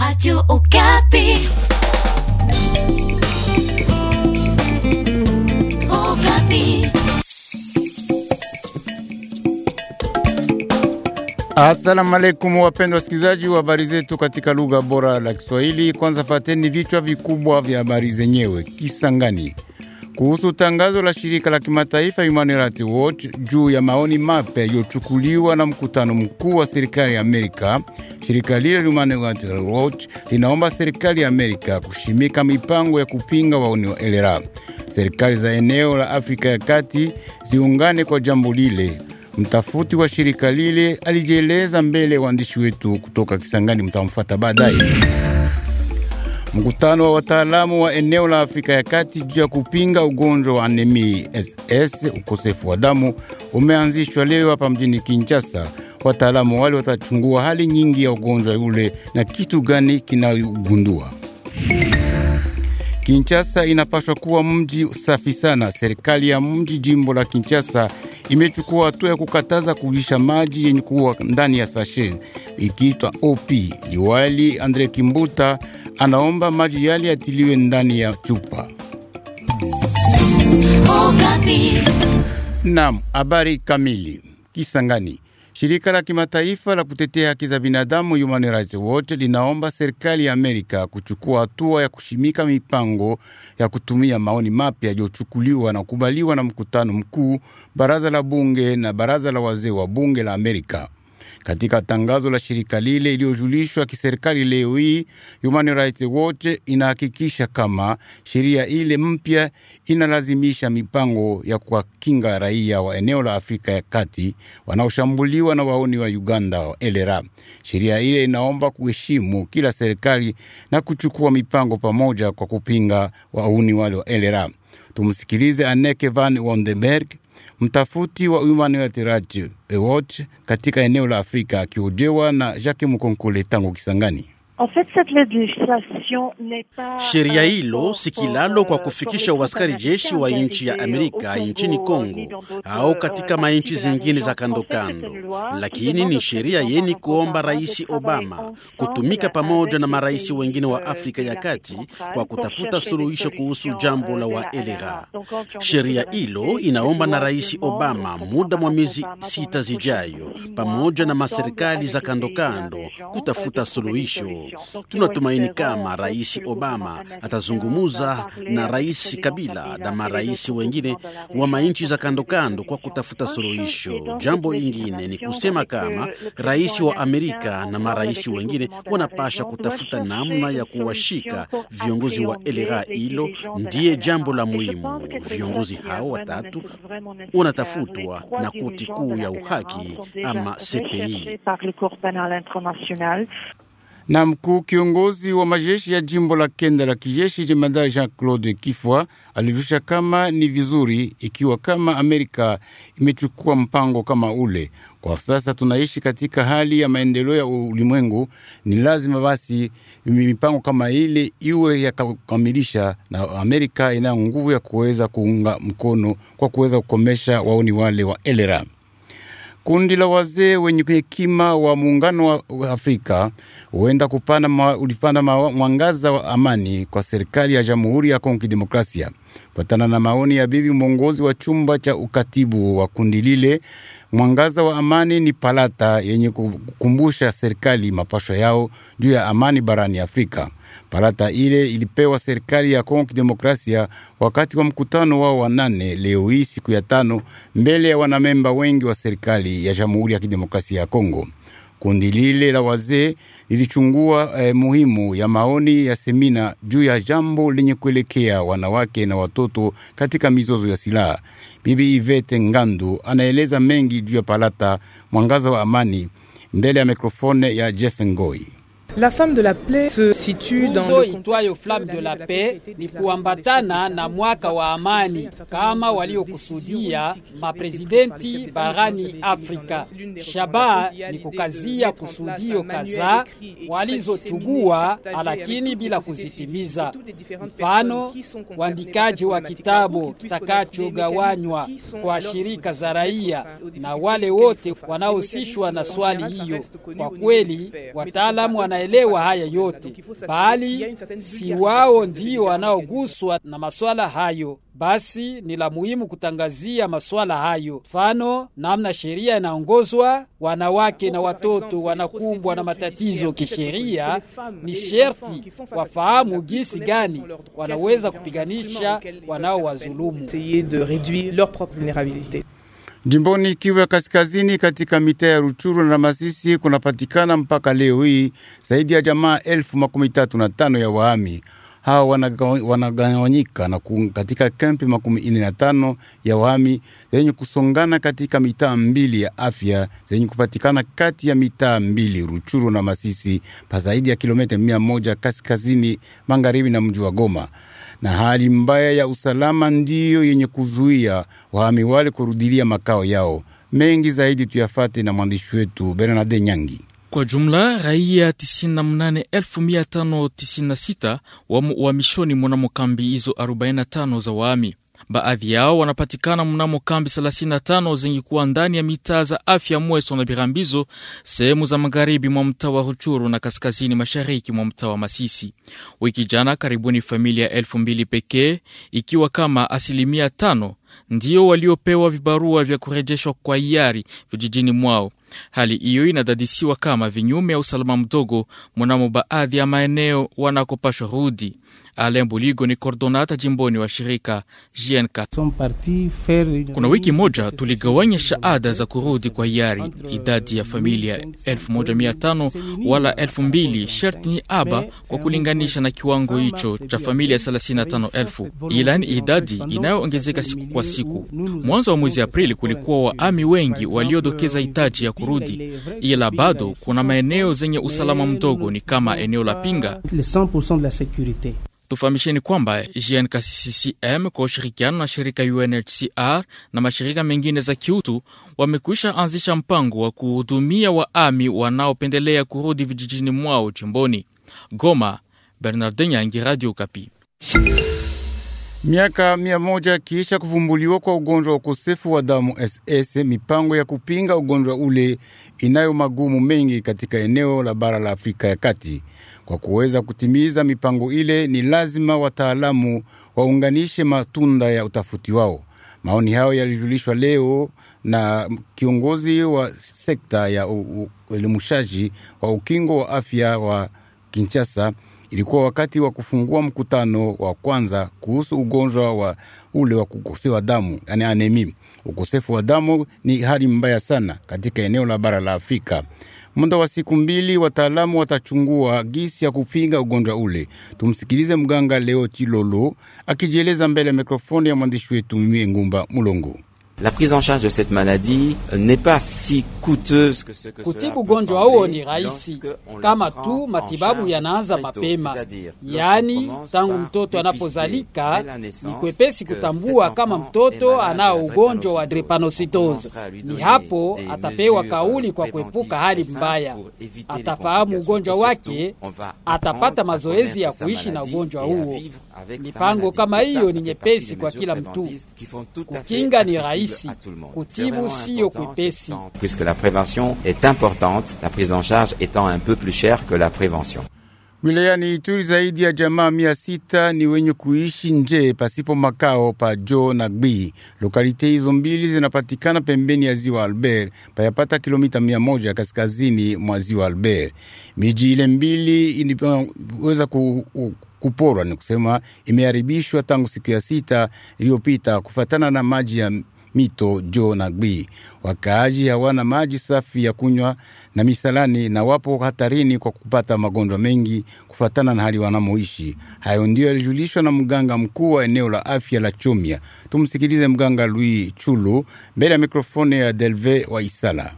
Radio Okapi. Okapi. Assalamu alaikum, wapendwa wasikilizaji wa habari zetu katika lugha bora la Kiswahili. Kwanza fateni vichwa vikubwa vya habari zenyewe. Kisangani kuhusu tangazo la shirika la kimataifa Human Rights Watch juu ya maoni mapya yaliyochukuliwa na mkutano mkuu wa serikali ya Amerika. Shirika lile Human Rights Watch linaomba serikali ya Amerika kushimika mipango ya kupinga waoni wa elera. Serikali za eneo la Afrika ya Kati ziungane kwa jambo lile. Mtafuti wa shirika lile alijieleza mbele ya waandishi wetu kutoka Kisangani, mtamfuata baadaye. Mkutano wa wataalamu wa eneo la Afrika ya Kati juu ya kupinga ugonjwa wa anemia SS, ukosefu wa damu, umeanzishwa leo hapa mjini Kinshasa. Wataalamu wale watachungua hali nyingi ya ugonjwa ule na kitu gani kinaugundua. Kinshasa inapaswa kuwa mji safi sana. Serikali ya mji jimbo la Kinshasa imechukua hatua ya kukataza kuisha maji yenye kuwa ndani ya sashe ikiitwa OP. Liwali Andre Kimbuta anaomba maji yale yatiliwe ndani ya chupa. Oh, Naam, habari kamili Kisangani. Shirika la kimataifa la kutetea haki za binadamu Human Rights Watch linaomba serikali ya Amerika kuchukua hatua ya kushimika mipango ya kutumia maoni mapya yaliyochukuliwa na kukubaliwa na mkutano mkuu, baraza la bunge na baraza la wazee wa bunge la Amerika. Katika tangazo la shirika lile iliyojulishwa kiserikali leo hii, Human Rights Watch inahakikisha kama sheria ile mpya inalazimisha mipango ya kuwakinga raia wa eneo la Afrika ya Kati wanaoshambuliwa na waoni wa Uganda wa elera. Sheria ile inaomba kuheshimu kila serikali na kuchukua mipango pamoja kwa kupinga wauni wale wa elera. Tumsikilize Anneke van Wondenberg mtafuti wa Human Rights Watch katika eneo la Afrika, akiojewa na Jacques Mukonkole tangu Kisangani. En fait, cette n'est pas sheria hilo si kilalo kwa euh, kufikisha uaskari jeshi wa nchi ya Amerika nchini Kongo au euh, katika manchi zingine za kando kando, lakini ni sheria yeni kuomba Rais Obama kutumika pamoja na marais wengine wa Afrika ya Kati kwa kutafuta suluhisho kuhusu jambo la Waelera. Sheria hilo inaomba na Rais Obama muda mwa miezi sita zijayo, pamoja na maserikali za kando kando kutafuta euh, suluhisho. Tunatumaini kama Rais Obama atazungumza na Rais Kabila na marais wengine wa manchi za kando kando kwa kutafuta suluhisho. Jambo ingine ni kusema kama rais wa Amerika na marais wengine wanapasha kutafuta namna ya kuwashika viongozi wa elera. Hilo ndiye jambo la muhimu. Viongozi hao watatu wanatafutwa na koti kuu ya uhaki ama CPI na mkuu kiongozi wa majeshi ya jimbo la kenda la kijeshi jemadari Jean-Claude Kifwa alivyosha kama ni vizuri ikiwa kama Amerika imechukua mpango kama ule. Kwa sasa tunaishi katika hali ya maendeleo ya ulimwengu, ni lazima basi mipango kama ile iwe ya kukamilisha, na Amerika ina nguvu ya kuweza kuunga mkono kwa kuweza kukomesha waoni wale wa elera. Kundi la wazee wenye hekima wa muungano wa Afrika huenda kupanda ma, ulipanda mwangaza wa amani kwa serikali ya Jamhuri ya Kongo Kidemokrasia patana na maoni ya bibi mwongozi wa chumba cha ukatibu wa kundi lile. Mwangaza wa Amani ni palata yenye kukumbusha serikali mapasho yao juu ya amani barani Afrika. Palata ile ilipewa serikali ya Kongo Kidemokrasia wakati wa mkutano wao wa nane leo hii siku ya tano, mbele ya wanamemba wengi wa serikali ya Jamhuri ya Kidemokrasia ya Kongo. Kundi lile la wazee lilichungua eh, muhimu ya maoni ya semina juu ya jambo lenye kuelekea wanawake na watoto katika mizozo ya silaha. Bibi Ivete Ngandu anaeleza mengi juu ya palata mwangaza wa amani mbele ya mikrofone ya Jeff Ngoi. La femme de la plaie se situe dans Uzo itwayo flamme de la paix ni kuambatana na mwaka wa amani kama waliokusudia maprezidenti barani Afrika. shaba ni kukazia kusudio kadhaa walizochugua, lakini bila kuzitimiza. Mfano, wandikaji wa kitabu kitakachogawanywa kwa shirika za raia na wale wote wanaohusishwa na swali hiyo. Kwa kweli wataalamu wana wanaelewa haya yote, bali si wao ndio wanaoguswa na maswala hayo. Basi ni la muhimu kutangazia maswala hayo, mfano namna sheria inaongozwa. Wanawake na watoto wanakumbwa na matatizo kisheria, ni sherti wafahamu jinsi gani wanaweza kupiganisha wanaowazulumu. Jimboni Kivu ya Kaskazini, katika mitaa ya Ruchuru na Masisi kunapatikana mpaka leo hii zaidi ya jamaa elfu makumi tatu na tano ya wahami. Hawa wanagawanyika na katika kempi makumi ine na tano ya wahami zenye kusongana katika mitaa mbili ya afya zenye kupatikana kati ya mitaa mbili Ruchuru na Masisi pa zaidi ya kilomita mia moja kaskazini magharibi na mji wa Goma na hali mbaya ya usalama ndiyo yenye kuzuia wahami wale kurudilia makao yao. Mengi zaidi tuyafate na mwandishi wetu Bernade Nyangi. Kwa jumla raia 98,596 wamo uhamishoni mwanamo kambi hizo 45 za waami. Baadhi yao wanapatikana mnamo kambi 35 zenye kuwa ndani ya mitaa za afya Mweso na Birambizo, sehemu za magharibi mwa mtaa wa Ruchuru na kaskazini mashariki mwa mtaa wa Masisi. Wiki jana karibuni familia elfu mbili pekee ikiwa kama asilimia tano ndio waliopewa vibarua vya kurejeshwa kwa hiari vijijini mwao. Hali hiyo inadadisiwa kama vinyume ya usalama mdogo mwanamo baadhi ya maeneo wanakopashwa rudi. Alain Buligo ni kordonata jimboni wa shirika JNK. Kuna wiki moja tuligawanya shaada za kurudi kwa hiari. Idadi ya familia 1500 wala 2000 sharti ni aba kwa kulinganisha na kiwango hicho cha familia 35000, ila ni idadi inayoongezeka siku kwa siku. Mwanzo wa mwezi Aprili kulikuwa waami wengi waliodokeza hitaji ya kurudi, ila bado kuna maeneo zenye usalama mdogo, ni kama eneo la Pinga. Tufahamisheni kwamba GNKCCM kwa ushirikiano na shirika UNHCR na mashirika mengine za kiutu wamekwisha anzisha mpango wa kuhudumia waami wanaopendelea kurudi vijijini mwao jimboni Goma. Bernardin Nyangi, Radio Kapi. Miaka mia moja kuvumbuliwa kwa ugonjwa wa ukosefu wa damu SS, mipango ya kupinga ugonjwa ule inayo magumu mengi katika eneo la bara la Afrika ya Kati. Kwa kuweza kutimiza mipango ile, ni lazima wataalamu waunganishe matunda ya utafuti wao. Maoni hayo yalijulishwa leo na kiongozi wa sekta ya uelimushaji wa ukingo wa afya wa Kinshasa. Ilikuwa wakati wa kufungua mkutano wa kwanza kuhusu ugonjwa wa ule wa kukosewa damu, yani anemi. Ukosefu wa damu ni hali mbaya sana katika eneo la bara la Afrika. Muda wa siku mbili wataalamu watachungua gisi ya kupinga ugonjwa ule. Tumsikilize mganga Leo Chilolo akijieleza mbele ya mikrofoni ya mwandishi wetu Mimie Ngumba Mulongo. La prise en charge de cette maladie n'est pas si coûteuse que ce que kutibu ugonjwa huo ni rahisi kama tu matibabu yanaanza mapema, yaani tangu mtoto anapozalika. Ni kwepesi kutambua kama mtoto anao ugonjwa wa drepanocytose, ni hapo atapewa kauli kwa kuepuka hali mbaya, atafahamu ugonjwa wake, atapata mazoezi ya kuishi na ugonjwa huo. Mipango kama hiyo ni nyepesi kwa kila mtu, kukinga ni rahisi. ici. Puisque la prévention est importante, la prise en charge étant un peu plus chère que la prévention. Wilayani Ituri zaidi ya jamaa mia sita ni wenye kuishi nje pasipo makao pa Jo na Gbi. Lokalite hizo mbili zinapatikana pembeni ya ziwa Albert, payapata kilomita mia moja kaskazini mwa ziwa Albert. Miji ile mbili iliweza ku, ku, kuporwa, ni kusema imeharibishwa tangu siku ya sita iliyopita kufatana na maji ya mito Jo na Gwi. Wakaaji hawana maji safi ya kunywa na misalani, na wapo hatarini kwa kupata magonjwa mengi kufatana na hali wanamoishi. Hayo ndiyo yalijulishwa na mganga mkuu wa eneo la afya la Chomia. Tumsikilize mganga Louis Chulu mbele ya mikrofoni ya Delve wa Isala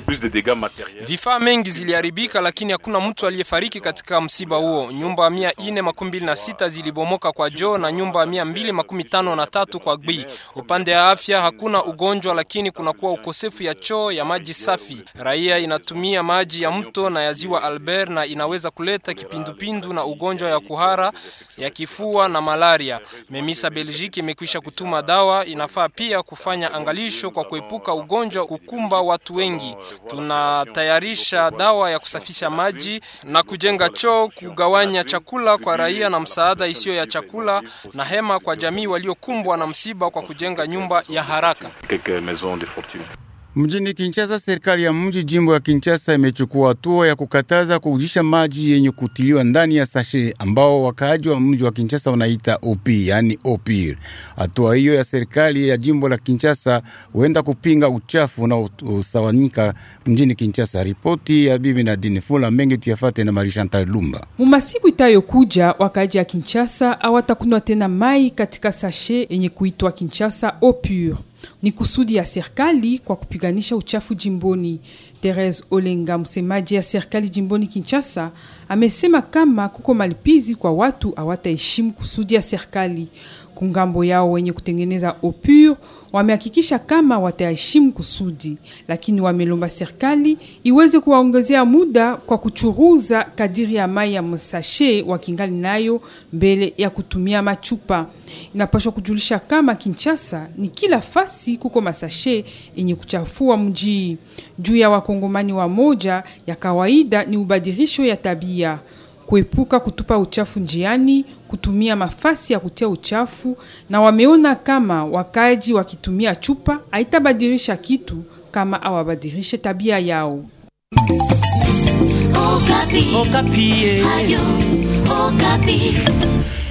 plus de dégâts matériels. Vifaa mengi ziliharibika, lakini hakuna mtu aliyefariki katika msiba huo. Nyumba mia nne makumi mbili na sita zilibomoka kwa jo na nyumba mia mbili makumi tano na tatu kwa gbi. Upande wa afya hakuna ugonjwa, lakini kunakuwa ukosefu ya choo ya maji safi. Raia inatumia maji ya mto na ya ziwa Albert na inaweza kuleta kipindupindu na ugonjwa ya kuhara ya kifua na malaria. Memisa Belgique imekwisha kutuma dawa. Inafaa pia kufanya angalisho kwa kuepuka ugonjwa kukumba watu wengi msingi. Tunatayarisha dawa ya kusafisha maji na kujenga choo, kugawanya chakula kwa raia na msaada isiyo ya chakula na hema kwa jamii waliokumbwa na msiba kwa kujenga nyumba ya haraka. Mjini Kinshasa, serikali ya mji jimbo ya Kinshasa imechukua hatua ya kukataza kuujisha maji yenye kutiliwa ndani ya sashe ambao wakaaji wa mji wa Kinshasa wanaita OP, yani opir. Hatua hiyo ya serikali ya jimbo la Kinshasa huenda kupinga uchafu na usawanyika mjini Kinshasa. Ripoti ya bibi Nadine Fula mengi tuyafate na Marisha Ntalumba. Mumasiku itayokuja wakaaji ya Kinshasa hawatakunywa tena mai katika sashe yenye kuitwa Kinshasa opur ni kusudi ya serikali kwa kupiganisha uchafu jimboni. Therese Olenga, msemaji ya serikali jimboni Kinshasa, amesema kama kuko malipizi kwa watu hawataheshimu kusudi ya serikali kungambo yao wenye kutengeneza opur wamehakikisha kama wataheshimu kusudi, lakini wamelomba serikali iweze kuwaongezea muda kwa kuchuruza kadiri ya mai ya msashe wakingali nayo mbele ya kutumia machupa. inapashwa kujulisha kama Kinshasa ni kila fasi kuko masashe yenye kuchafua mji. Juu ya wakongomani wa moja ya kawaida ni ubadirisho ya tabia kuepuka kutupa uchafu njiani, kutumia mafasi ya kutia uchafu, na wameona kama wakaaji wakitumia chupa haitabadilisha kitu kama awabadilishe tabia yao. Okapi. Okapi. Eh. Okapi.